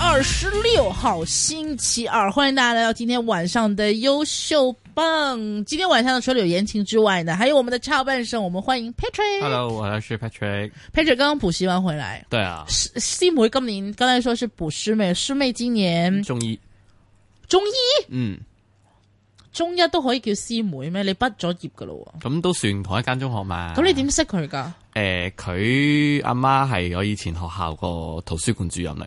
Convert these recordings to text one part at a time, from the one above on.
二十六號星期二，歡迎大家來到今天晚上的優秀榜。今天晚上除了有言情之外呢，還有我們的插班生。我們歡迎 Patrick。Hello，我係是 Patrick。Patrick 剛剛補習完回來。對啊。s, s、C、妹今年，跟您剛才說是補師妹，師妹今年中一。中一？嗯，中一都可以叫師妹咩？你畢咗業噶咯？咁都算同一間中學嘛？咁你點識佢噶？誒、呃，佢阿媽係我以前學校個圖書館主任嚟。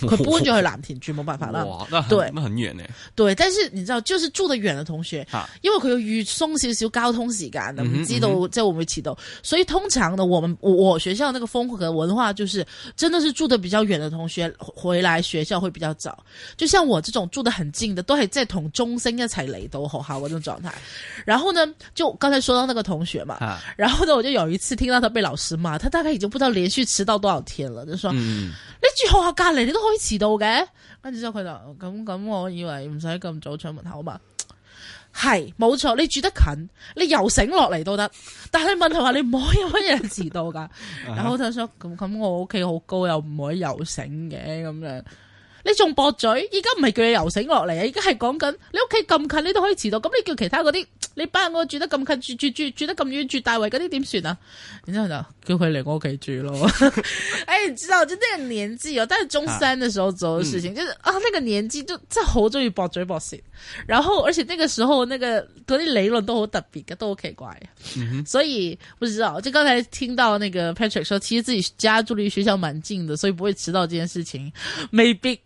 佢搬咗去藍田住，冇辦法啦。那哇那對，咁很遠呢？對，但是你知道，就是住得遠的同學，哈因為佢有預鬆少少交通時間。唔知道在我們啲，所以通常呢，我們我，我學校的那個風格文化，就是真的是住得比較遠的同學回來學校會比較早。就像我這種住得很近的，都還在同中生一踩雷都好好這種狀態。然後呢，就剛才說到那個同學嘛，哈然後呢，我就有一次聽到他被老師罵，他大概已經不知道連續遲，遲到多少天了，就說：，那句話噶，你都。開遲到嘅，跟住之後佢就咁咁我以為唔使咁早出門口嘛。係冇錯，你住得近，你游繩落嚟都得，但係問題話你唔可以乜嘢遲到噶，然後就想咁咁我屋企好高又唔可以游繩嘅咁樣。你仲駁嘴？依家唔係叫你游醒落嚟啊！依家係講緊你屋企咁近，你都可以遲到。咁你叫其他嗰啲你班我住得咁近，住住住住得咁遠住大圍，嗰啲點算啊？然之後就叫佢嚟我屋企住咯。哎、 欸，你知道就呢個年紀哦，但係中三嘅時候做嘅事情，啊嗯、就是啊，呢個年紀就真係好中意駁嘴駁舌。然後而且呢個時候、那個，呢個嗰啲理論都好特別嘅，都好奇怪。嗯、哼所以我不知道，就剛才聽到那個 Patrick 說，其實自己家住離學校蠻近的，所以不會遲到。這件事情未必。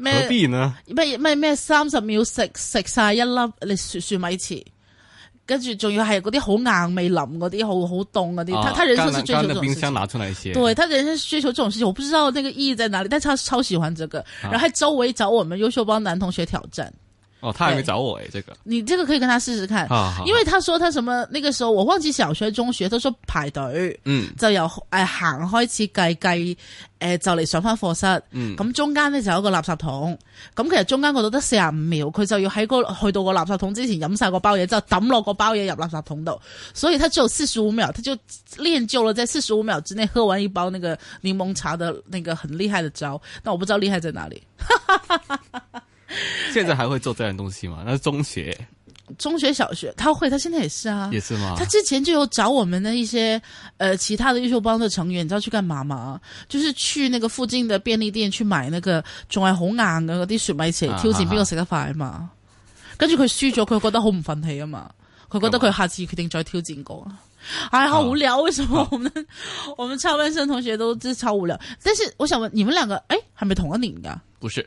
咩邊呢，咩咩咩三十秒食食晒一粒雪雪米糍，跟住仲要係嗰啲好硬未腍嗰啲好好凍嗰啲。他、啊、他人生是追求這種冰箱拿出來一些對，他人生是追求這種事情，我不知道那個意義在哪裏，但係他超喜歡這個，然後喺周圍找我們優秀班男同學挑戰。哦，他還沒找我誒、欸，欸，這個你這個可以跟他試試看，啊，因為他說他什麼那個時候我忘記小學中學，都說排隊，嗯，就由誒行開始計計，誒就嚟上返課室，嗯，咁中間呢就有個垃圾桶，咁其實中間嗰度得四十五秒，佢就要喺嗰去到個垃圾桶之前飲晒個包嘢，之後抌落個包嘢入垃圾桶度，所以他只有四十五秒，他就練就了在四十五秒之內喝完一包那個檸檬茶的那個很厲害的招，但我不知道厲害在哪裏。哈哈哈哈。現在還會做這樣東西嗎？那中學、中學、小學他會，他現在也是啊，也是嗎？他之前就有找我們的一些呃其他的優秀幫的成員，你知道去幹嘛嗎？就是去那個附近的便利店去買那個仲係好硬嘅嗰啲雪米糍，挑戰邊個食得快嘛。跟住佢輸咗，佢覺得好唔忿氣啊嘛，佢覺得佢下次決定再挑戰過。哎，好無聊，為什麼我們我們插班生同學都是超無聊？但是我想問你們兩個，哎，還沒同一年噶？不是。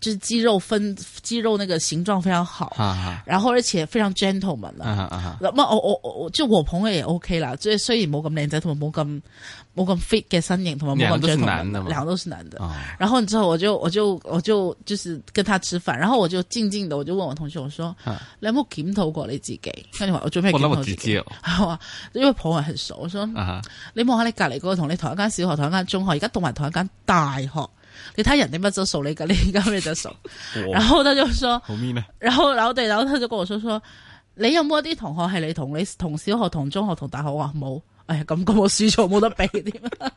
就是肌肉分肌肉那個形狀非常好，然後而且非常 gentleman 了。我我我，就我朋友也 OK 啦，所以所以冇咁靚仔同埋冇咁冇咁 fit 嘅身影同埋冇咁 gentleman。兩個都是男的。然後之後我就我就我就就是跟他吃飯，然後我就靜靜的我就問我同學我說：你有冇檢討過你自己？跟你說我準備檢討自己。自己因為朋友很熟，我說你望下你隔籬嗰個同你同一間小學同一間中學，而家讀埋同一間大學。你睇人哋乜就數你，咁你咁你就數，然後他就說，然後然後對，然後他就跟我說說，你有冇一啲同學係你同你同小學、同中學、同大學話冇？哎，呀，感咁我需求冇得比點啊？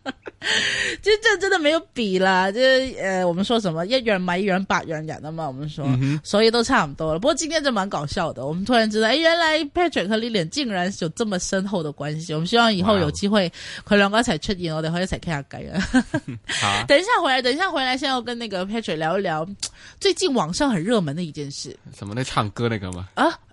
即這 真真沒有比啦！即呃我們說什麼一樣米養百樣人啊嘛，我們說，嗯、哼所以都差不多了，不過今天就蠻搞笑的，我們突然知道，哎原來 Patrick 和 Lily 竟然有這麼深厚的關係。我們希望以後有機會佢兩個一齊出現，Wow 能我哋可以再睇下改啊。好，笑 哈等一下回來，等一下回來，先要跟那個 Patrick 聊一聊最近網上很熱門的一件事，什麼？那唱歌那個嗎？啊？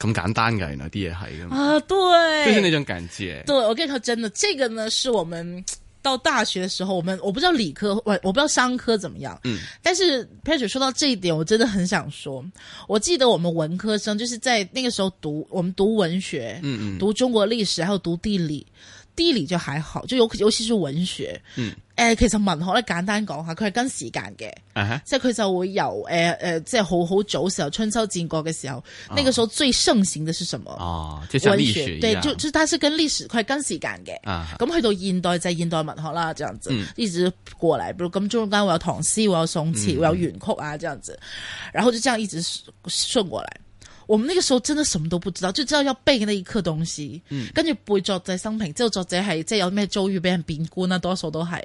咁簡單嘅，原來啲嘢係咁啊！對，就是那種感覺。對，我跟你說，真的，這個呢，是我們到大學的時候，我們我不知道理科，我我不知道商科怎麼樣。嗯，但是 Patrick 說到這一點，我真的很想說，我記得我們文科生就是在那個時候讀，我們讀文學，嗯嗯，讀中國歷史，還有讀地理。地理就還好，即係尤其尤其是文學。嗯，誒、呃，其實文學咧，簡單講下，佢係跟時間嘅，即係佢就會由誒誒，即係好好早時候春秋戰國嘅時候，時候哦、那個時候最盛行嘅係什麼？哦，就係文學，對，就就，它是跟歷史，佢係跟時間嘅。啊哈，咁去到現代，即、就、係、是、現代文學啦，這樣子，嗯、一直過嚟，比如咁中間我有唐詩，我有宋詞，嗯、哼我有元曲啊，這樣子，然後就這樣一直順過來。我們那個時候真的什麼都不知道，就知道要背那一課東西，跟住、嗯、背作者生平，之後作者係即係有咩遭遇俾人貶官啊，多數都係，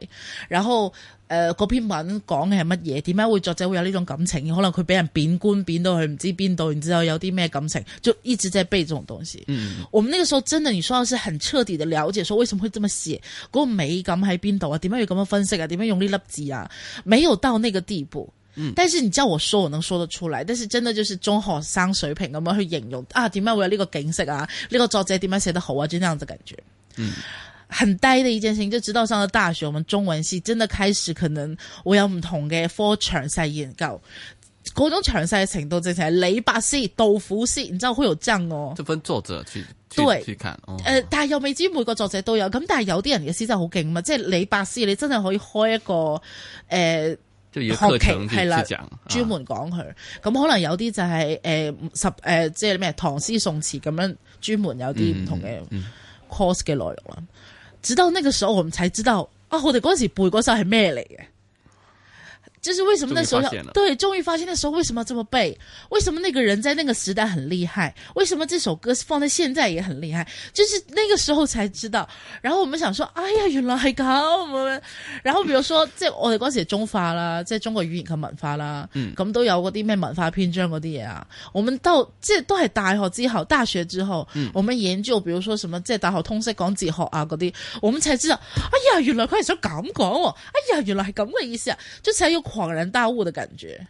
然後誒嗰、呃、篇文講嘅係乜嘢，點解會作者會有呢種感情，可能佢俾人貶官貶到去唔知邊度，然之後有啲咩感情，就一直在背這種東西。嗯，我們那個時候真的你說的是很徹底的了解，說為什麼會這麼寫，嗰個美感喺邊度啊，點解要咁樣分析啊，點樣用呢粒字啊，沒有到那個地步。嗯、但是你叫我說，我能說得出來。但是真的就是中學生水平咁樣去形容啊，點解會有呢個景色啊？呢、這個作者點解寫得好啊？就咁樣子感覺，嗯，很低的一件事情。就直到上了大學，我們中文系真的開始可能會有唔同嘅科詳細研究，嗰種詳細嘅程度正正係李白詩、杜甫詩，然之後好有這樣哦。就分作者去對去，去看，哦誒、呃，但係又未知每個作者都有咁，但係有啲人嘅詩真係好勁嘛，即係李白詩，你真係可以開一個誒。呃學系啦，專門講佢。咁、啊、可能有啲就係、是、誒、呃、十誒，即係咩唐詩宋詞咁樣專門有啲唔同嘅 course 嘅內容啦。嗯嗯嗯嗯，直到呢個時候，我唔使知道啊，我哋嗰時背嗰首係咩嚟嘅。就是為什麼那時候要對，終於發現那時候為什麼要這麼背？為什麼那個人在那個時代很厲害？為什麼這首歌放在現在也很厲害？就是那個時候才知道。然後我們想說，哎呀，原來係咁啊。然後比如說， 在我哋時寫中發啦，在中國語言課文發啦，嗯，咁都有嗰啲咩文化篇章嗰啲嘢啊。我們到即係都係大學之後，大學之後，嗯，我們研究，比如說什麼，即係大學通識講哲學啊嗰啲，我們才知道，哎呀，原來佢係想咁講。哎呀，原來係咁嘅意思啊，就才一恍然大悟的感覺，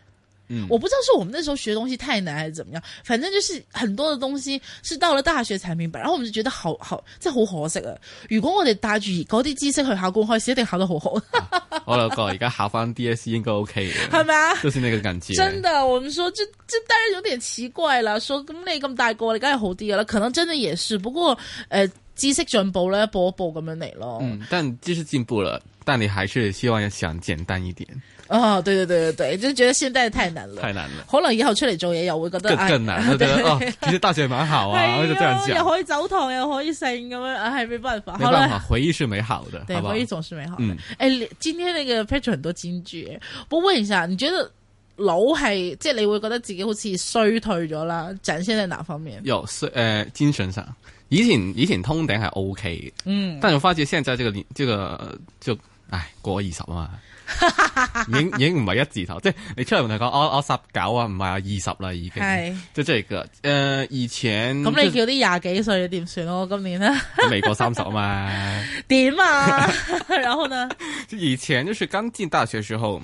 嗯，我不知道是我們那時候學東西太難還是怎麼樣，反正就是很多的東西是到了大學才明白，然後我們就覺得好好，這好可惜啊！如果我哋帶住嗰啲知識去考公開試，一定考得好好。我老公而家考翻 DSE 應該 OK 嘅，係咪啊？就是那個感覺。真的，我們說這這當然有點奇怪啦。說咁你咁大個，你梗係好啲啦。可能真的也是，不過呃知識進步了，一步一步咁樣嚟咯。嗯，但即使進步了，但你還是希望要想簡單一點。哦，對對對對對，就覺得現在太難了，太難了。可能以後出來做嘢又會覺得更更難。覺得哦，其實大學蠻好啊，我就這樣講又可以走堂，又可以剩咁樣，係冇辦法。沒辦法，回憶是美好的，對，回憶總是美好的。誒，今天那個 Patrick 很多金句，我問一下，你覺得老係即係你會覺得自己好似衰退咗啦？展現在哪方面？有衰誒，精神上以前以前通頂係 OK，嗯，但我發覺現在這個年，這個就唉過二十啊。 已經已經唔係一字頭，即係你出嚟同佢講，我、哦、我、哦、十九啊，唔係、啊、二十啦，已經，即係即係個，誒、呃，以前咁你叫啲廿幾歲點算咯？今年咧未過三十啊嘛？點 樣啊？ 然後呢？以前就是剛進大學時候，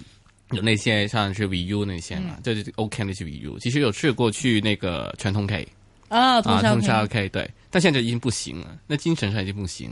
有那些，像是 VU 那些嘛，嗯、就就 OK 那些 VU，其實有試過去那個傳統 K 啊，通 o K 對，但現在就已經不行了那精神上已經不行。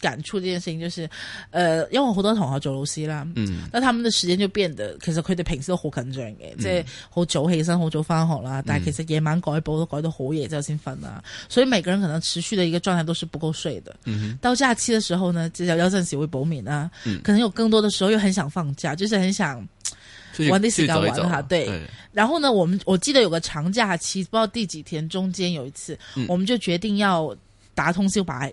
感觸這件事情就是，呃，因為好多同學做老師啦，嗯，那他們的時間就變得，其實佢哋平時都好緊張嘅，即係好早起身，好早翻學啦，但係其實夜晚改簿都改到好夜之後先瞓啦，所以每個人可能持續的一個狀態都是不夠睡的。嗯哼到假期的時候呢，即係有陣時會搏命啦，嗯、可能有更多的時候又很想放假，就是很想玩的死到玩哈，找找對。哎、然後呢，我們我記得有個長假期，不知道第幾天，中間有一次，嗯、我們就決定要打通宵白。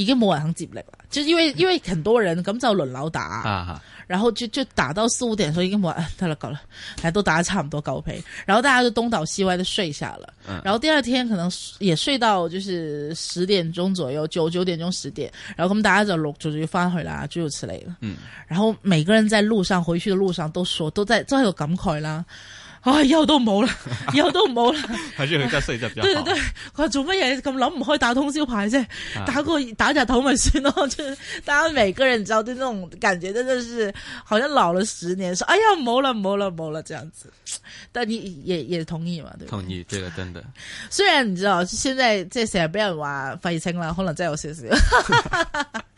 已經冇人肯接嚟了，就因為因為很多人咁就輪流打，啊、然後就就打到四五點，所以已經冇人得啦夠啦，都打得差唔多夠皮，然後大家就東倒西歪的睡下了，然後第二天可能也睡到就是十點鐘左右，九九點鐘十點，然後咁大家就落就就翻去啦，諸如此類了。嗯，然後每個人在路上回去的路上都說，都在都還有感慨啦。唉、啊，以後都唔好啦，以後都唔 好啦，係真得四十，對對對，佢做乜嘢咁諗唔開，打通宵牌啫，打過、啊、打日頭咪算咯。就係大家每個人，你知道對那種感覺，真、就、真是好像老了十年。說，哎呀，冇啦冇啦冇啦，這樣子。但你也也，也同意嘛？對吧，同意，這個真的。雖然你知道，現在即係成日俾人話廢青啦，可能真係有少少。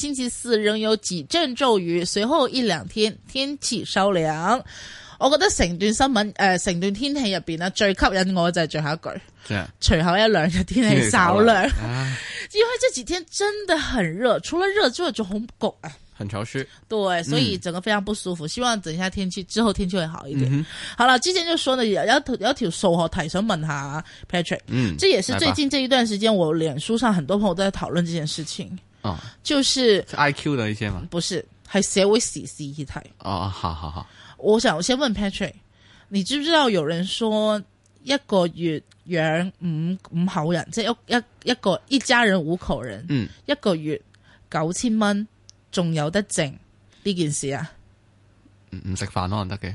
星期四仍有幾陣驟雨，隨後一兩天天氣稍涼。我覺得成段新聞誒，成、呃、段天氣入邊呢，最吸引我就係最後一句，隨 Yeah. 後一兩日天氣稍涼。涼啊，因為這幾天真的很熱，除了熱之外就很焗哎、啊，很潮濕。對，所以整個非常不舒服。嗯、希望等一下天氣之後天氣會好一點。嗯、哼好啦，之前就說呢，有有條數學題想問下 Patrick，嗯，這也是最近這一段時間吧我臉書上很多朋友都在討論這件事情。哦，就是、是 I Q 的一些嗎？不是，係社會時事議題。e 哦，好好好。好，我想我先問 Patrick，你知唔知道有人說一個月養五五口人，即係一一一個一家人五口人，嗯，一個月九千蚊仲有得剩呢件事啊？唔唔食飯咯，唔得嘅。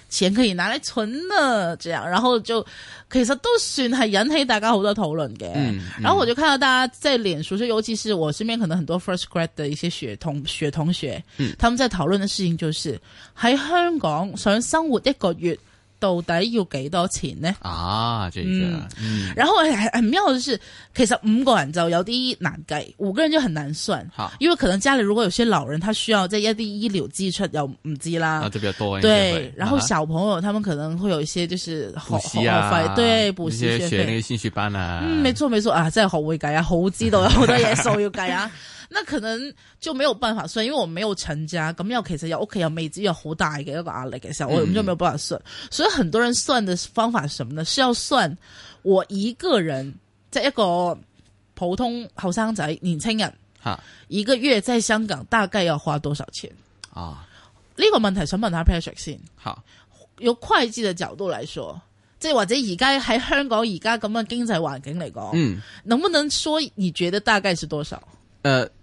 錢可以拿來存啊，這樣，然後就其實都算係引起大家好多討論嘅。嗯嗯、然後我就看到大家即係臉書，即係尤其是我身邊可能很多 first grade 的一些學同學同學，他們在討論的事情就是喺、嗯、香港想生活一個月。到底要幾多錢呢？啊，即、啊嗯嗯、然後很妙就是，其實五個人就有啲難計，五個人就很難算，哈因為可能家裏如果有些老人，他需要在一啲醫療支出又唔知啦，就、啊、比較多。對，啊、哈然後小朋友，他們可能會有一些就是習、啊、習學學費，習啊、對，補習學、學那個興趣班啊。嗯，沒錯沒錯啊，真係學會計啊，好知道有好多嘢數要計啊。 那可能就沒有辦法算，因為我沒有成家，咁又其實有屋企，有妹子，有好大嘅一個壓力嘅時候，我就沒有辦法算。嗯、所以很多人算的方法是什麼呢？是要算我一個人，即一、一個普通後生仔、年輕人，哈一個月在香港大概要花多少錢啊？呢個問題想問下 Patrick 先哈。好，由會計的角度來說，即係或者而家喺香港而家咁嘅經濟環境嚟講，嗯，能不能說你覺得大概是多少？誒、呃。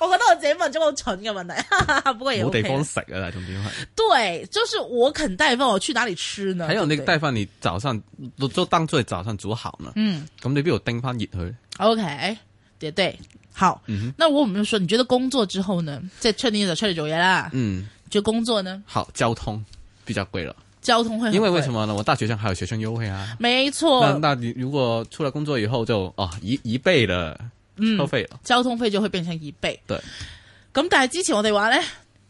我覺得我自己問咗好蠢嘅問題，不過冇地方食啊，仲點係？對，就是我肯帶飯，我去哪裏吃呢？還有那個帶飯，你早上都都當作早上煮好呢？嗯，咁你邊度叮翻熱去？OK，對對，好。那我咁就說，你覺得工作之後呢？再確定就確定就業啦。嗯，就工作呢？好，交通比較貴啦。交通會因為為什麼呢？我大學生還有學生優惠啊。沒錯。那那你如果出來工作以後就哦一一倍的。嗯飛哦、交通費咗去變成二倍。對，咁但係之前我哋話咧，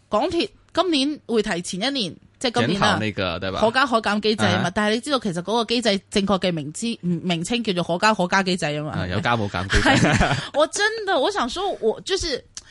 港鐵今年會提前一年，即、就、係、是、今年啦，嗰個、對吧可加可減機制啊嘛。嗯、但係你知道其實嗰個機制正確嘅名字名稱叫做可加可加機制啊嘛。嗯、有加冇減機制。是 我真的我想說我就是。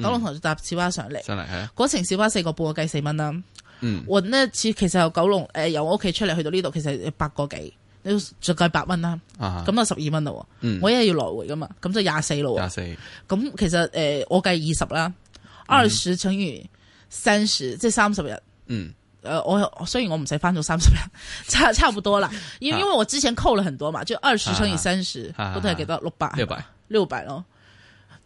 九龍塘搭小巴上嚟，上嚟係啊。嗰程小巴四個半，我計四蚊啦。嗯，我呢次其實由九龍誒由我屋企出嚟去到呢度，其實八個幾，就計八蚊啦。啊，咁啊十二蚊咯。嗯，我一係要來回噶嘛，咁就廿四咯。廿四。咁其實誒，我計二十啦，二十乘以三十，即係三十日。嗯。誒，我雖然我唔使翻到三十日，差差唔多啦。因因為我之前扣了很多嘛，就二十乘以三十，都係幾多？六百。六百，六百咯。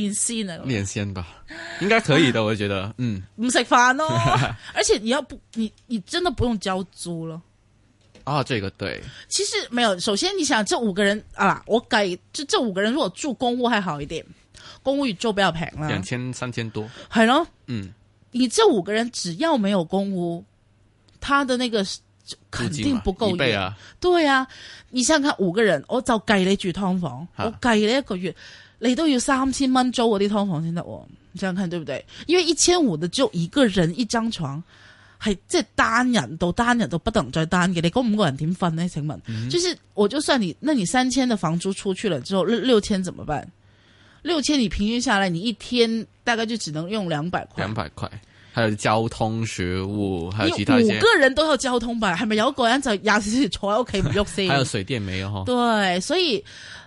年薪呢？年薪吧，應該可以的，我覺得，嗯，唔食飯咯，而且你要不，你你真的不用交租了啊，這個對，其實沒有，首先你想，這五個人啊，我計就這五個人如果住公屋還好一點，公屋宇宙比較平啦，兩千三千多，係咯，嗯，你這五個人只要沒有公屋，他的那個肯定不夠，對啊，對啊，你想看五個人，我就計了一句劏房，我計了一個月。你都要三千蚊租我啲套房先得喎，你想想看對不對？因為一千五的只有一個人一張床，係即係單人都單人都不等再單嘅，你咁五個人點瞓呢？請問，嗯、就是我就算你，那你三千的房租出去了之後，六六千怎麼辦？六千你平均下來，你一天大概就只能用兩百塊。兩百塊，還有交通、食物，還有其他。五個人都要交通吧？係咪？如果然就廿四坐喺屋企唔喐先。 還有水電煤、哦、對，所以。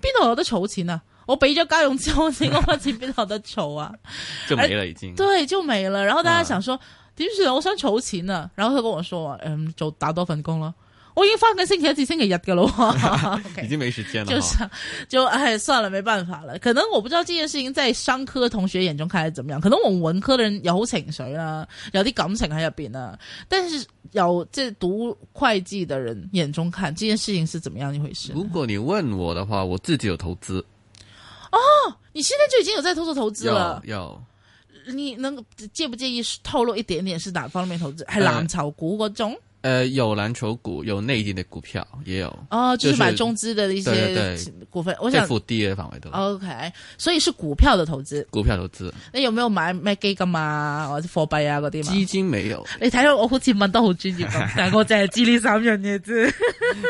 邊度有得儲錢啊？我俾咗家用之後，剩嗰筆錢邊度有得儲啊？ 就沒了已經、哎。對，就沒了。然後大家想說，點算、啊？我想儲錢啊。然後佢跟我說，嗯，做打多份工咯。我已經發個信息，先給壓掉了。我、okay, 已經沒時間了，就是就哎算了，沒辦法了。可能我不知道這件事情在商科同學眼中看來怎麼樣。可能我們文科的人有情緒啊？有啲感情喺入邊啊。但是有在讀會計的人眼中看，這件事情是怎麼樣一回事？如果你問我的話，我自己有投資哦。你現在就已經有在做投資了？要，要你能介不介意透露一點點是哪方面投資？係藍籌股嗰唉種？呃，有藍籌股，有內地的股票，也有哦，就是買中資的一些股份。我想跌幅低的範圍都。OK，所以是股票的投資。股票投資，你有沒有買咩基金啊，或者貨幣啊，嗰啲？基金沒有。你睇到我好似問到好專業，但係我淨係知呢三樣嘢啫。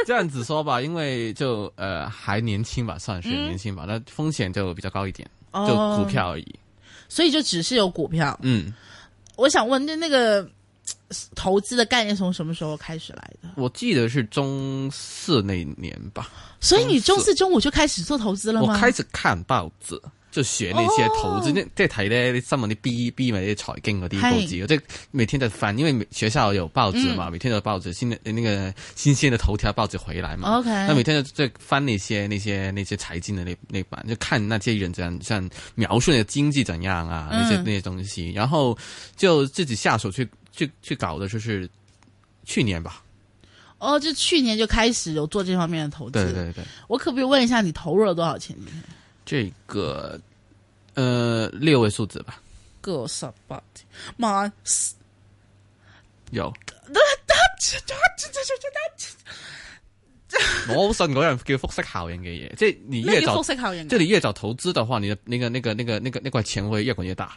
這樣子說吧，因為就呃還年輕吧，算是年輕吧，但風險就比較高一點，就股票而已。所以就只是有股票。嗯，我想問就那個。投資的概念從什麼時候開始來的？我記得是中四那年吧。所以你中四、中五就開始做投資了嗎？我開始看報紙，就學那些投資，哦、那這台咧，啲新的 b B B 咪啲財經嗰啲報紙，這嘿每天在翻，因為學校有報紙嘛，嗯、每天有報紙新的那個新鮮的頭條報紙回來嘛。OK，那每天在翻那些那些那些財經的那那版，就看那些人怎樣像描述那個經濟怎樣啊、嗯、那些那些東西，然後就自己下手去。去去搞的就是去年吧，哦，就去年就開始有做這方面的投資。對對對，我可不可以問一下你投入了多少錢？這個，呃，六位數字吧，個八媽有。我好信嗰樣叫複式效應嘅嘢，即係你越早就，即係你越早投資的話，你的那個那個那個那個那塊錢會越滾越大。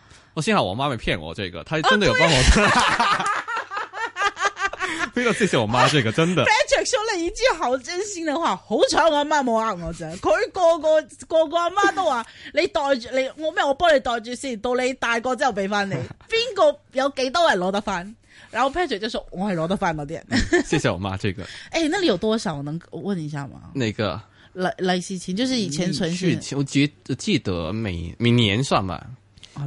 我幸好我媽沒騙我，這個她真的有幫我，哦。非常謝謝我媽，這個真的。Patrick 說了一句好真心的話，他話好彩我媽冇呃我啫。佢個個個個阿媽都話，你袋住你我咩？我幫你袋住先，到你大個之後俾翻你。邊個有幾多人攞得翻？然後 Patrick 就說我係攞得翻嗰啲人。謝謝我媽這個。哎，那裏有多少？我能問一下嗎？哪、那個？利，利是錢就是以前存息，我記記得每每年算吧。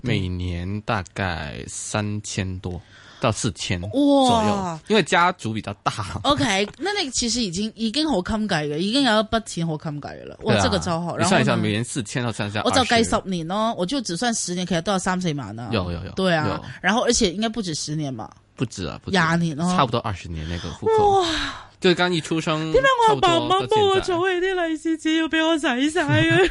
每年大概三千多到四千，哇，左右，因為家族比較大。OK，那那個其實已經已經好襟計嘅，已經有一筆錢好襟計嘅啦。哇，這個就好。算一下，每年四千到三千，我就計十年咯，我就只算十年，其實都有三四萬啦。有有有。對啊，然後而且應該不止十年嘛，不止啊，廿年咯，差不多二十年那個戶口。哇，就剛一出生，我爸媽幫我儲起啲利是錢要俾我使晒嘅。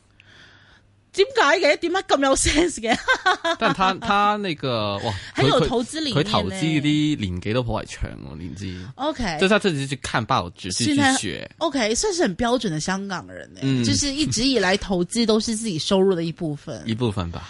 點解嘅？點解咁有 sense 嘅？但他他那個哇，很有投資理念、欸，佢投資啲年紀都頗為長喎，年資。OK，即係佢自己去看報紙，自己去學。OK，算是很標準的香港人、欸、嗯，就是一直以來投資都是自己收入的一部分， 一部分吧。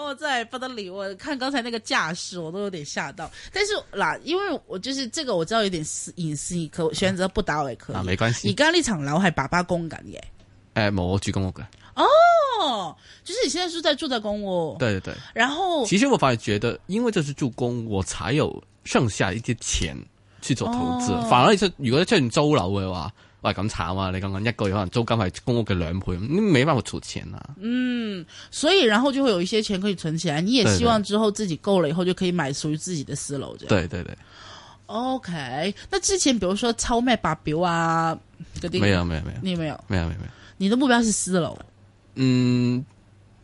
在不得了，我看剛才那個架勢，我都有點嚇到。但是啦，因為我就是這個，我知道有點私隱私，可我選擇不打我也可以。啊啊、沒關係。你剛剛那場勞還把公攻緊嘅，誒、欸，我住公屋嘅。哦，就是你現在是，是在住在公屋。對對對。然後，其實我反而覺得，因為這是住公屋，我才有剩下一些錢去做投資。哦、反而是，是如果叫你周勞嘅話。喂咁慘啊！你講講一個月可能租金係公屋嘅兩倍，你冇辦法儲錢啊！嗯，所以然後就會有一些錢可以存起來。你也希望之後自己夠了以後就可以買屬於自己的私樓。對對對。OK，那之前比如說抄咩白表啊，嗰啲沒有沒有沒有，有沒有，你沒有沒有沒有。沒有沒有你的目標是私樓。嗯，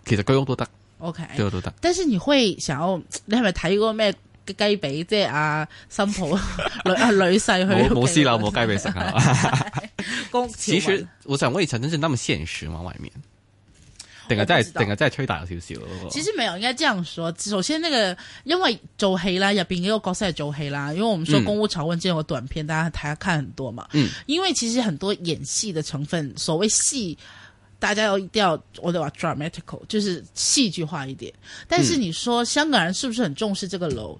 其實居屋都得。OK，居屋，都得。但是你會想要你係咪睇過咩？嘅雞髀，即係阿新抱女啊女婿去冇冇私樓冇雞髀食啊！公務 我想問一下真是那麼現實嗎，外面，定係真係定係真係吹大咗少少。其實唔有應該這樣說，首先呢、那個，因為做戲啦，入邊一個角色係做戲啦。因為我們說公務朝聞，只有短片，嗯、大家睇，看，看很多嘛。嗯，因為其實很多演戲的成分，所謂戲，大家要一定要我哋話 dramatical，就是戲劇化一點。但是，你說、嗯、香港人是不是很重視這個樓？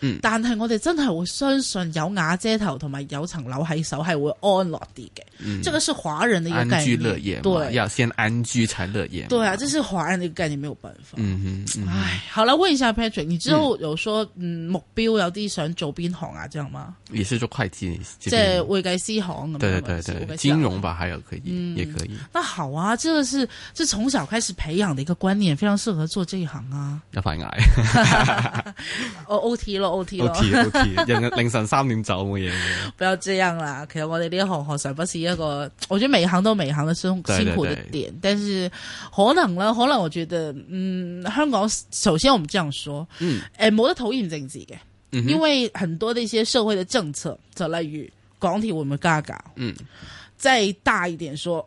嗯，但係我哋真係會相信有瓦遮頭同埋有層樓喺手係會安樂啲嘅，嗯，呢個是華人的一個概念，安居樂業，對，要先安居才樂業，對啊，這是華人的一個概念，沒有辦法，嗯哼，唉，好啦，問一下 Patrick，你之後有說嗯目標有啲想做邊行啊，這樣嗎？也是做會計，即係會計師行咁，對對對對，金融吧，還有可以，也可以。那好啊，這個是，是從小開始培養的一個觀念，非常適合做呢一行啊，要塊牙，我 OT 咯。O.T. 咯，喔，嗯，凌晨三點走嘅嘢。不要這樣啦，其實我哋呢一行確實不是一個，我覺得每行都每行的辛苦嘅點，對對對，但是可能咧，可能我覺得，嗯，香港首先我們這樣說，嗯、欸，誒冇得討厭政治嘅，因為很多的一些社會的政策，就例如港鐵會唔會加價，嗯，再大一點說。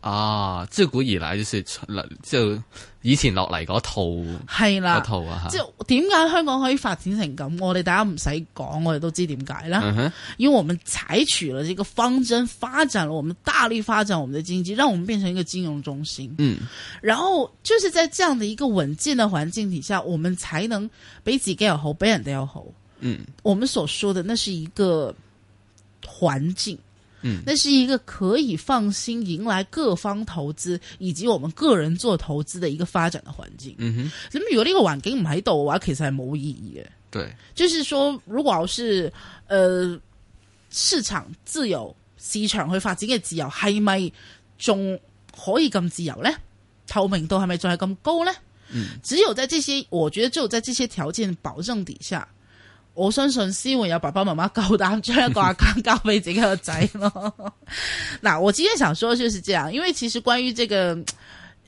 啊！自古以來就是就以前落嚟嗰套，係啦，嗰套啊，即係點解香港可以發展成咁？我哋大家唔使講，我哋都知點解啦。嗯哼，因為我們採取了這個方針，發展了，我們大力發展我們的經濟，讓我們變成一個金融中心。嗯，然後就是在這樣的一個穩健的環境底下，我們才能俾自己又好，俾人都要好。嗯，我們所說的那是一個環境。嗯，那是一個可以放心迎來各方投資以及我們個人做投資的一個發展的環境。嗯哼，咁如果呢個環境唔喺度嘅話，其實係冇意義嘅。對，就是說，如果要是呃市場自由市場去發展嘅自由，係咪仲可以咁自由呢？透明度係咪仲係咁高呢？嗯，只有在這些，我覺得只有在這些條件保證底下。我相信先會有爸爸媽媽夠膽將一個 account 交俾自己個仔咯。嗱， 我今天想說就是這樣，因為其實關於這個，誒、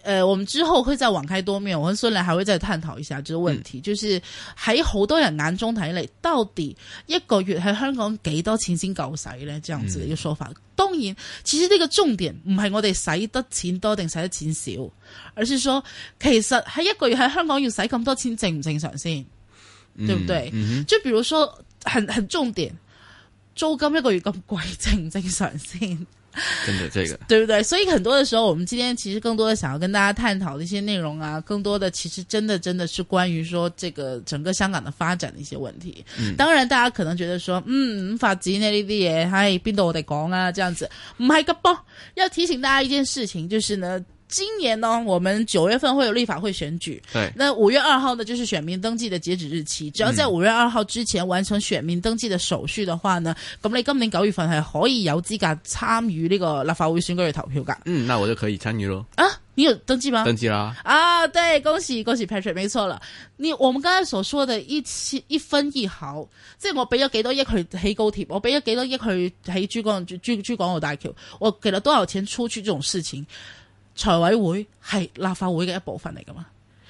呃，我們之後會再網開多面，我跟孫亮還會再探討一下這個問題。嗯、就是，喺好多人眼中睇嚟，到底一個月喺香港幾多錢先夠使咧？這樣子嘅說法，嗯、當然，其實呢個重點唔係我哋使得錢多定使得錢少，而是說，其實喺一個月喺香港要使咁多錢正唔正常先？對不對？嗯嗯、就比如說，很很重點，租金一個月咁貴真真，正唔正常先？針對這個，對不對？所以很多的時候，我們今天其實更多的想要跟大家探討的一些內容啊，更多的其實真的真的是關於說這個整個香港的發展的一些問題。嗯、當然，大家可能覺得說，嗯，發展呢啲嘢，嗨、哎，邊度我得講啊？這樣子，唔係噶。要提醒大家一件事情，就是呢。今年呢，我們九月份會有立法會選舉。對，那五月二號呢，就是選民登記的截止日期。只要在五月二號之前完成選民登記的手續的話呢，咁、嗯、你今年九月份係可以有資格參與呢個立法會選舉的投票噶。嗯，那我就可以參與咯。啊，你有登記嗎？登記啦。啊，對，恭喜恭喜 Patrick，沒錯了。你我們剛才所說的一期一分一毫，即係我俾咗幾多億去起高鐵，我俾咗幾多億去喺珠港珠珠港澳大橋，我給了多少錢出去這種事情。財委會係立法會嘅一部分嚟噶嘛？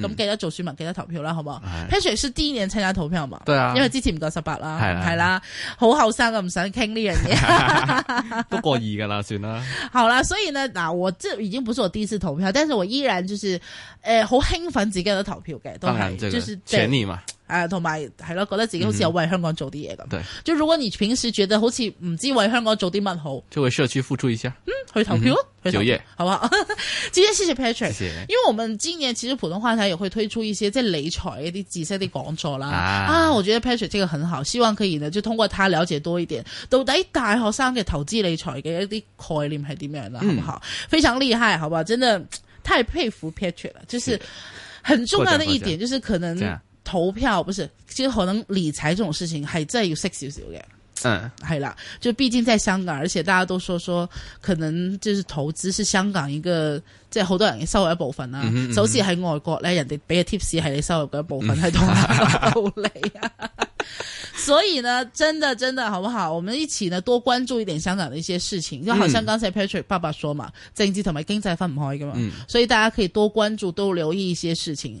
咁、嗯、記得做選民，記得投票啦，好唔好？Patrick、哎、呀是第一年參加投票嘛？對啊呀，因為之前唔夠十八啦，係啦，好後生咁，唔想傾呢樣嘢，不、啊、 都過二噶啦，算啦。好啦，所以呢，嗱，我即已經唔係我第一次投票，但是我依然就是，誒、呃，好興奮自己有投票嘅，都係，這個、就是權利嘛。誒，同埋係咯，覺得自己好似有為香港做啲嘢咁。對、嗯，就如果你平時覺得好似唔知為香港做啲乜好，就為社區付出一下。嗯，去投票咯，去就業夜好不好？ 今天謝謝 Patrick，謝因為，我們今年其實普通話台也會推出一些即係理財一啲知識啲講座啦。啊，啊，我覺得 Patrick 呢個很好，希望可以呢就通過他了解多一點，到底大學生嘅投資理財嘅一啲概念係點樣啦，好不好？嗯、非常厲害，好不好？真的太佩服 Patrick 了，就是很重要的一點，嗯、就是可能。投票不是，其實可能理財這種事情，係真係要識少少嘅。嗯，係啦，就畢竟在香港，而且大家都說說，可能就是投資是香港一個，即係好多人收入一部分啦、啊。嗯哼嗯哼，首先喺外國咧，嗯、哼人哋俾嘅 tips 係你收入嘅一部分，係多、嗯、啊 所以呢，真的真的，好不好？我們一起呢多關注一點香港的一些事情，就好像剛才 Patrick 爸爸說嘛，嗯、政治同埋經濟分唔開㗎嘛。嗯，所以大家可以多關注，多留意一些事情。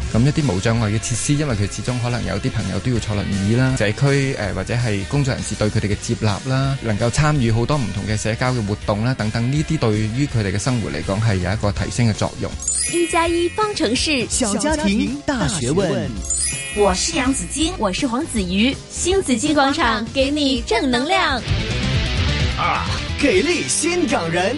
咁一啲無障礙嘅設施，因為佢始終可能有啲朋友都要坐輪椅啦，社區誒、呃、或者係工作人士對佢哋嘅接納啦，能夠參與好多唔同嘅社交嘅活動啦，等等呢啲對於佢哋嘅生活嚟講係有一個提升嘅作用。一加一方程式，小家庭大學問。我是楊子晶，我是黃子瑜，新子晶廣場給你正能量。啊，給力新港人！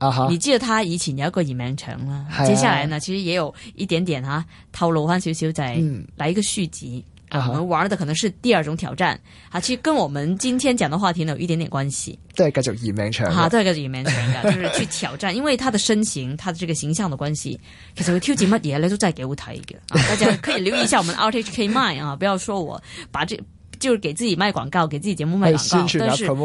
Uh huh. 你記得他一起以前有一個移民場啦，啊、接下來呢，其實也有一點點吓、啊、透露返少少再來一個續集。我、uh huh. 啊、玩的可能是第二種挑戰，啊，其實跟我們今天講的話題有一點點關係，都係繼續移民場，啊，都係繼續移民場，就是去挑戰， 因為他的身形，他的這個形象的關係，其實佢挑戰乜嘢咧都真係幾好睇嘅，大家可以留意一下我們 Outage K Mind 啊，不要說我把這。就是給自己賣廣告，給自己節目賣廣告，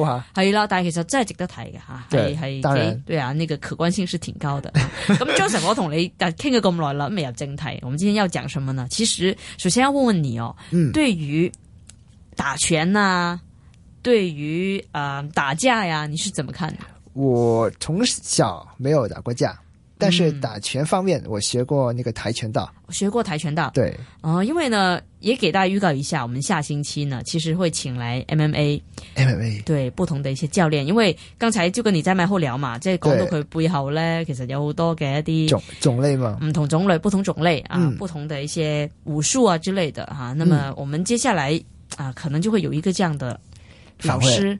啊、但是係啦，但係其實真係值得睇嘅吓，係係對然，對啊，那個可觀性是挺高的。咁 Joseph，我同你傾咗咁耐啦，都未入正題，我們今天要講什麼呢？其實首先要問問你哦，嗯，對於打拳啊，對於啊、呃、打架呀、啊，你是怎麼看的？我從小沒有打過架，但是打拳方面，我學過那個跆拳道，嗯、學過跆拳道，對，哦、呃，因為呢。也給大家預告一下，我們下星期呢，其實會請來 MMA，MMA MA 對不同的一些教練，因為剛才就跟你在麥後聊嘛，在功夫佢背後呢，對其實有好多嘅一啲種種類嘛，唔同種類，不同種類、嗯、啊，不同的一些武術啊之類的哈、啊。那麼我們接下來、嗯、啊，可能就會有一個這樣的老師。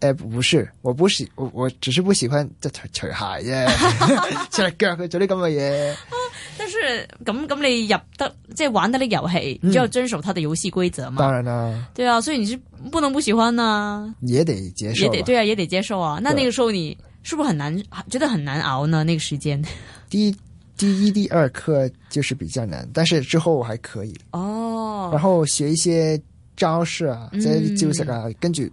哎，不是，我不喜我我只是不喜歡在除除鞋耶，這腳去做啲咁嘅嘢。但是咁咁，你入得即係玩嗰啲遊戲，就要遵守他的遊戲規則嘛。當然啦，對啊，所以你是不能不喜歡呢，也得接受，也得對啊，也得接受啊。那那個時候你是不是很難覺得很難熬呢？那個時間，第第一、第二課就是比較難，但是之後還可以哦。然後學一些招式啊，即係就是個根據。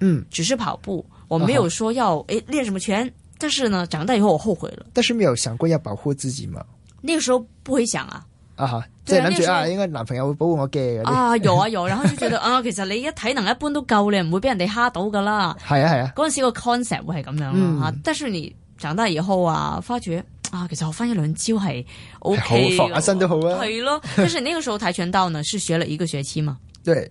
嗯，只是跑步，我沒有說要誒練什麼拳。但是呢，長大以後我後悔了。但是沒有想過要保護自己嘛？那個時候不會想啊啊！即係諗住啊，應該男朋友會保護我嘅。啊，有啊，有，然後就覺得啊，其實你一體能一般都夠，你唔會俾人哋蝦到噶啦。係啊係啊，嗰陣時個 concept 會係咁樣咯。哈，但是你長大以後啊，發覺啊，其實我翻一兩招係 O K 嘅。好防一身都好啊。係咯，就是你那個時候跆拳道呢，是學了一個學期嘛？對。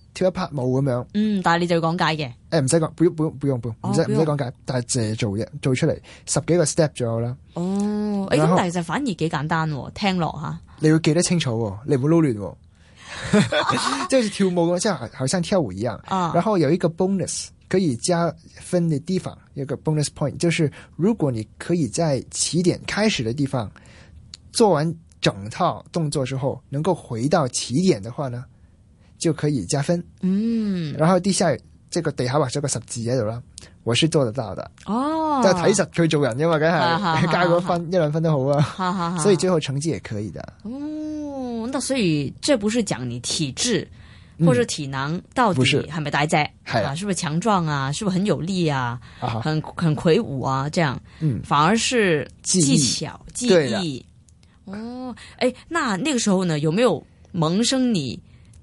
跳一拍舞咁樣，嗯，但係你就要講解嘅，誒、欸，唔使講，不不不用，唔使唔使講解，哦、用但係借做做出嚟十幾個 step 左右啦。哦，誒後，咁、欸、但係就反而幾簡單，聽落吓。你要記得清楚、哦，你唔好撈亂，即 係 跳舞嘅，即係好似跳舞一樣。啊，然後有一個 bonus 可以加分嘅地方，有一個 bonus point，就是如果你可以在起點開始嘅地方做完整套動作之後，能夠回到起點嘅話呢？就可以加分，嗯，然後地下這個地下畫咗個十字喺度啦，我是做得到的哦。就睇實去做人噶嘛，梗係加個分一兩分都好啊，所以最後成績也可以的。哦，那所以這不是講你體質或者體能到底係咪大隻啊？是不是強壯啊？是不是很有力啊？很很魁梧啊？這樣，嗯，反而是技巧、技藝。哦，哎，那那個時候呢，有沒有萌生你？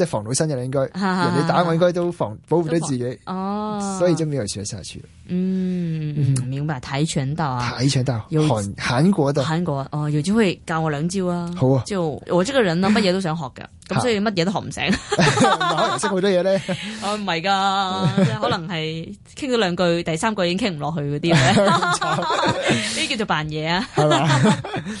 即係防老身嘅啦，應該人哋打我應該都防保護咗自己，哦，所以真係冇處得殺處。嗯，明白。跆拳道啊，跆拳道，韓韓國的，韓國啊，哦，姚子惠教我兩招啊，好啊，就我即個人呢，乜嘢都想學嘅，咁所以乜嘢都學唔醒。可能識好多嘢咧，哦唔係噶，可能係傾咗兩句，第三句已經傾唔落去嗰啲咧，呢叫做扮嘢啊，係咪？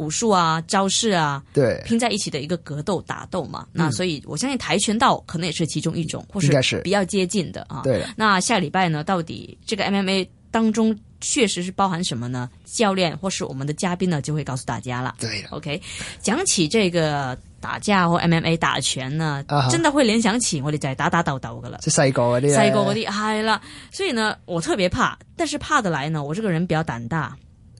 武術啊，招式啊，對，拼在一起的一個格鬥打鬥嘛。嗯、那所以我相信跆拳道可能也是其中一種，應該是或是比較接近的啊。對了。那下禮拜呢，到底這個 MMA 當中確實是包含什麼呢？教練或是我們的嘉賓呢，就會告訴大家了。對了。OK，講起這個打架或 MMA 打拳呢，uh huh、真的會聯想起我哋就在打打鬥鬥的了。就細個嗰啲，細個嗰啲係啦。所以呢，我特別怕，但是怕得來呢，我這個人比較膽大。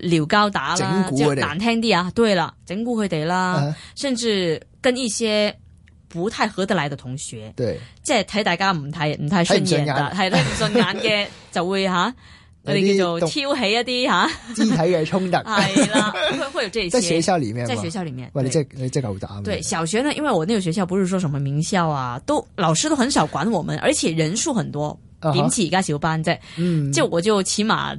撩交打啦，難聽啲啊！對啦，整蠱佢哋啦，甚至跟一些不太合得來的同學，即係睇大家唔太唔太順眼，係啦，唔順眼嘅，就會吓，我哋叫做挑起一啲吓肢體嘅衝突。係啦，會有這些。在學校裏面，在學校裏面，你即係你即係咁打。對小學呢，因為我那個學校不是說什麼名校啊，都老師都很少管我們，而且人數很多，唔似而家小班啫。嗯，即係我就起碼。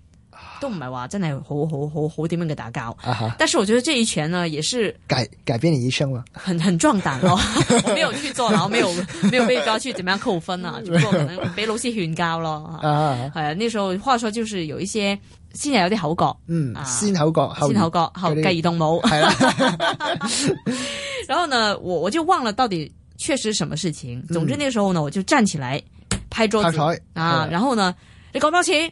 都唔係話真係好好好好點樣嘅打交，但是我覺得這一拳呢，也是改改變你一生了很很壯膽咯，沒有去坐牢，沒有沒有被抓去怎麼樣扣分啊，只不過可能俾老師勸教咯。係啊，那時候話說就是有一些先有啲口角，嗯，先口角，先口角，後繼而動武，係啦。然後呢，我我就忘了到底確實什麼事情，總之那時候呢，我就站起來拍桌子啊，然後呢，你搞咩事情？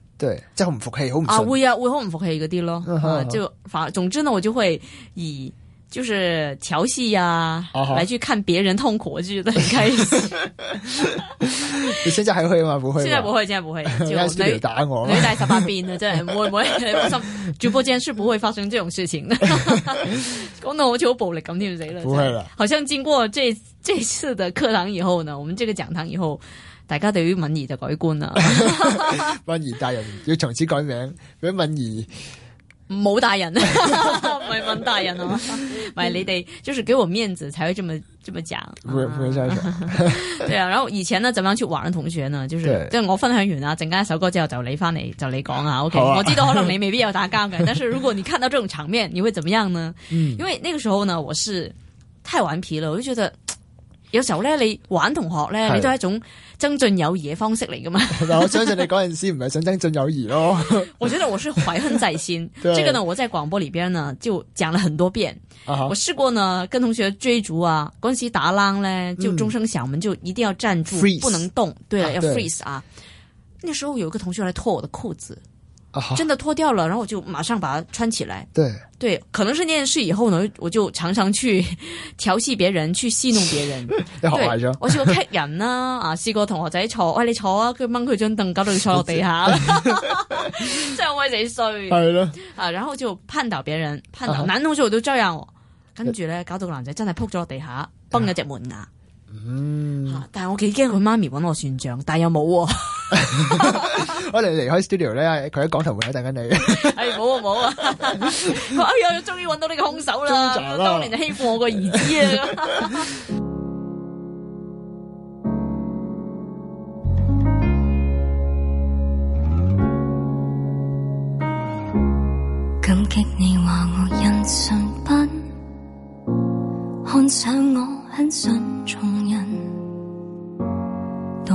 對，真係好唔服氣，好唔服氣嗰啲咯，就反總之呢，我就會以就是調戲啊，來去看別人痛苦，我覺得應該。你現在還會嗎？不會，現在不會，現在不會。就你打我，你打十八遍，真係唔會唔會，直播直播間是不會發生這種事情。講到我就好暴力咁，天死啦！不會啦，好像經過這這次的課堂以後呢，我們這個講堂以後。大家對於敏儀就改觀啦， 敏儀大人要從此改名，俾敏儀冇 大人，唔係敏大人啊，唔係你哋， 就是給我面子才會這麼 這麼講， 對啊，然後以前呢，怎麼樣去玩同學呢，就是即係對我分享完啊，陣間一首歌之後就你翻嚟就你講啊，OK，好啊我知道可能你未必有打交嘅， 但是如果你看到這種場面，你會怎麼樣呢？嗯、因為那個時候呢，我是太頑皮了，我就覺得。有時候呢，你玩同學呢，你都係一種增進友誼嘅方式嚟噶嘛。 我相信你嗰陣時唔係想增進友誼咯。 我覺得我是懷恨在心。 對這個呢，我在廣播裏邊呢就講了很多遍。Uh huh、我試過呢跟同學追逐啊，關起打冷呢，就鐘聲響，我們就一定要站住，um, freeze 不能動。對，ah, 要 freeze 啊。對那時候有一個同學來脫我的褲子。啊、真的脫掉了，然後我就馬上把它穿起來。對對，可能是呢件事以後呢，我就常常去調戲別人，去戲弄別人。 你學壞咗？對 我試過 kick 人啦，啊，試過同學仔坐，喂、哎、你坐啊，佢掹佢張凳搞到你坐落地下， 真係好鬼死衰。係咯了，啊，然後就絆倒別人，絆倒男同學我都追啊，跟住咧搞到個男仔真係扑咗落地下，崩咗隻門牙、哎。嗯，啊、但係我幾驚佢媽咪揾我算賬，但又冇。 我哋離開 studio 咧，佢喺港頭門口等緊你，哎。係冇啊冇啊！啊 哎呀，終於揾到呢個兇手啦！了當年欺負我個兒子啊！感激你話我人純品，看上我很順從人。嗯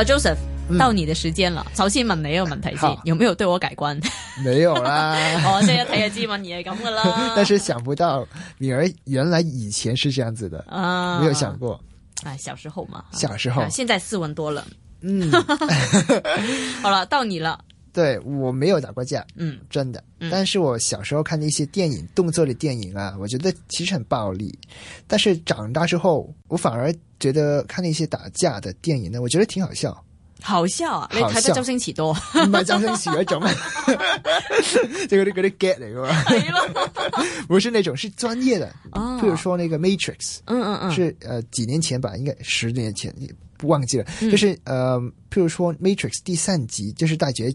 Uh, Joseph，、嗯、到你的時間了。首先問沒有問題好有沒有對我改觀？沒有啦。我即係一睇就知問嘢咁噶啦。 但是想不到，女兒原來以前是這樣子的，啊、沒有想過。哎，小時候嘛，小時候、啊，現在斯文多了。嗯， 好了，到你了。對我沒有打過架，嗯，真的。但是我小時候看的一些電影，動作的電影啊，我覺得其實很暴力。但是長大之後，我反而覺得看那些打架的電影呢，我覺得挺好笑。好笑啊！你睇得周星馳多？買周星馳而種，這個你嗰啲 get 嚟㗎嘛？沒了。不是那種，是專業的。啊譬如說那個 Matrix，嗯嗯嗯，是呃幾年前吧，應該十年前也不忘記了。就是呃譬如說 Matrix 第三集，就是大絕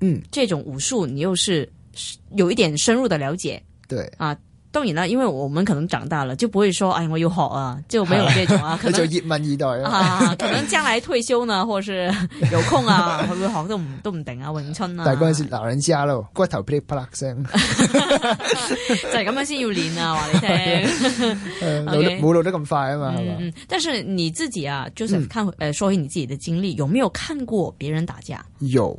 嗯，這種武術你又是有一點深入的了解，對啊，當然了，因為我們可能長大了就不會說，哎，我有學啊，就沒有這種啊。去就葉問一代啊，可能將來退休呢，或者是有空啊，會不會學都唔都唔定啊，詠春啊。但概是老人家咯，骨頭噼里啪啦聲，就係咁樣先要練啊，話你聽，冇冇得咁快啊嘛，係嘛？嗯，但是你自己啊，就是看，呃，說回你自己的經歷，有沒有看過別人打架？有。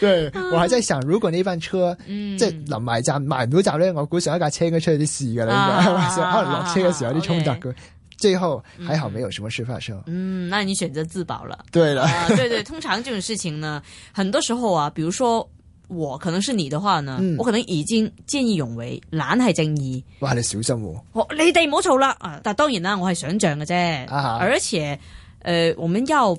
對，我係在想，如果呢班車即係臨埋站埋唔到站呢，我估上一架車應該出咗啲事噶啦，係咪先？可能落車嘅時候有啲衝突嘅，最後還好沒有什麼事發生。嗯，那你選擇自保啦。對啦，對對，通常這種事情呢，很多時候啊，比如說我可能是你的話呢，我可能已經見義勇為，懶係正義。哇，你小心！我你哋唔好嘈啦。但係當然啦，我係想象嘅啫。而且，我們又。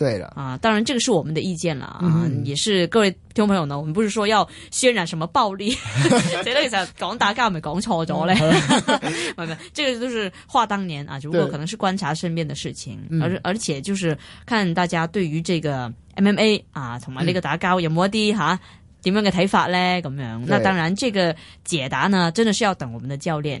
對了啊，當然這個是我們的意見啦、嗯、啊，也是各位聽眾朋友呢，我們不是說要渲染什麼暴力，這個是講打架咪講錯咗呢，這個就是話當年啊，只不過可能是觀察身邊的事情，而對而且就是看大家對於這個 MMA 啊同埋呢個打架有冇一啲哈點樣嘅睇法呢，咁樣，那當然這個解答呢，真的是要等我們的教練。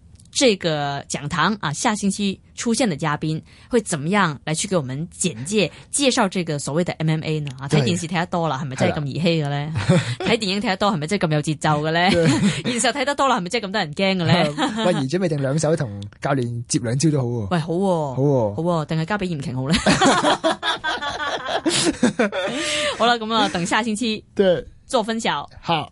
這個講堂啊，下星期出現的嘉賓會怎麼樣，來去給我們簡介介紹這個所謂的 MMA 呢？啊，睇電視睇得多啦，係咪真係咁兒戲嘅咧？睇電影睇得多，係咪真係咁有節奏嘅咧？現實睇得多啦，係咪真係咁得人驚嘅咧？不如準備定兩手同教練接兩招都好。 喂，好、啊，好、啊，好、啊，定係交俾嚴瓊好咧？ 好啦，咁啊，等下星期對做分曉。好。